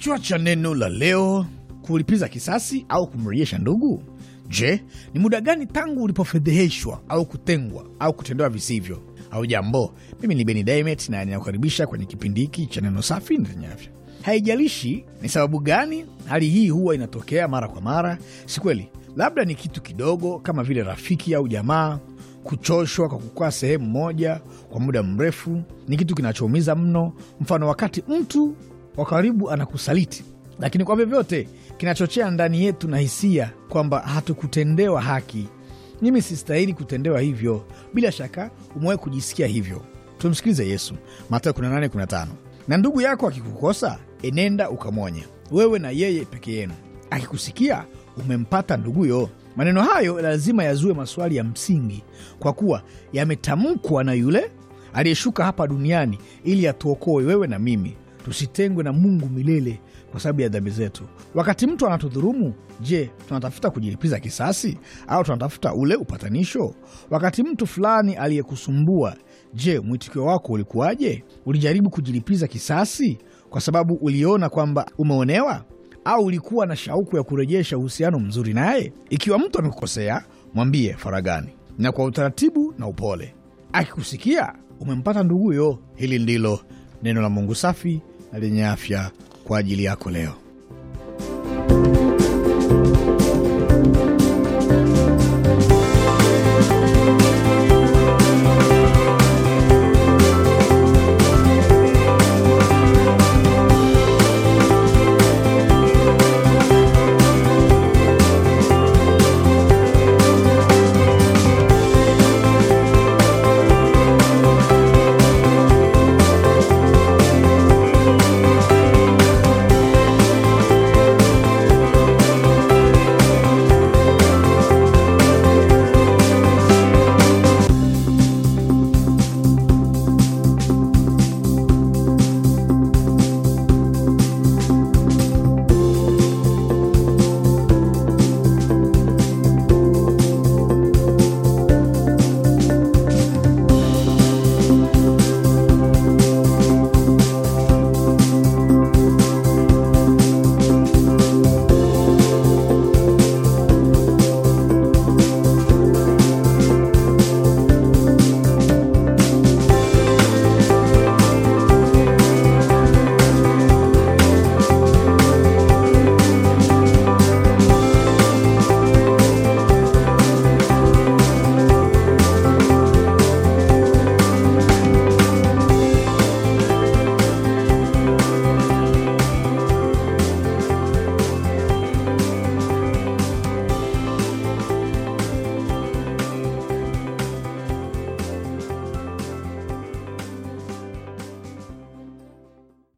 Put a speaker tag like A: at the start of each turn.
A: Kichwa cha neno la leo: kulipiza kisasi au kumrejesha ndugu. Je, ni muda gani tangu ulipofedheheshwa au kutengwa au kutendewa visivyo? au jambo, mimi ni Beni Dimet na ninakukaribisha kwenye kipindi hiki cha neno safi na lenye afya. Haijalishi ni sababu gani, hali hii huwa inatokea mara kwa mara, si kweli? Labda ni kitu kidogo kama vile rafiki au jamaa kuchoshwa kwa kukaa sehemu moja kwa muda mrefu. Ni kitu kinachoumiza mno, mfano wakati mtu kwa karibu anakusaliti, lakini kwa vyovyote kinachochea ndani yetu na hisia kwamba hatukutendewa haki. Mimi sistahili kutendewa hivyo. Bila shaka umewahi kujisikia hivyo. Tumsikilize Yesu, Mathayo 18:15. Na ndugu yako akikukosa, enenda ukamwonya, wewe na yeye peke yenu. Akikusikia, umempata nduguyo. Maneno hayo lazima yazue maswali ya msingi, kwa kuwa yametamkwa na yule aliyeshuka hapa duniani ili atuokoe wewe na mimi tusitengwe na Mungu milele kwa sababu ya dhambi zetu. Wakati mtu anatudhurumu, je, tunatafuta kujilipiza kisasi au tunatafuta ule upatanisho? Wakati mtu fulani aliyekusumbua, je, mwitikio wako ulikuwaje? Ulijaribu kujilipiza kisasi kwa sababu uliona kwamba umeonewa, au ulikuwa na shauku ya kurejesha uhusiano mzuri naye? Ikiwa mtu amekukosea, mwambie faragani na kwa utaratibu na upole. Akikusikia umempata nduguyo, hili ndilo neno la Mungu safi na lenye afya kwa ajili yako leo.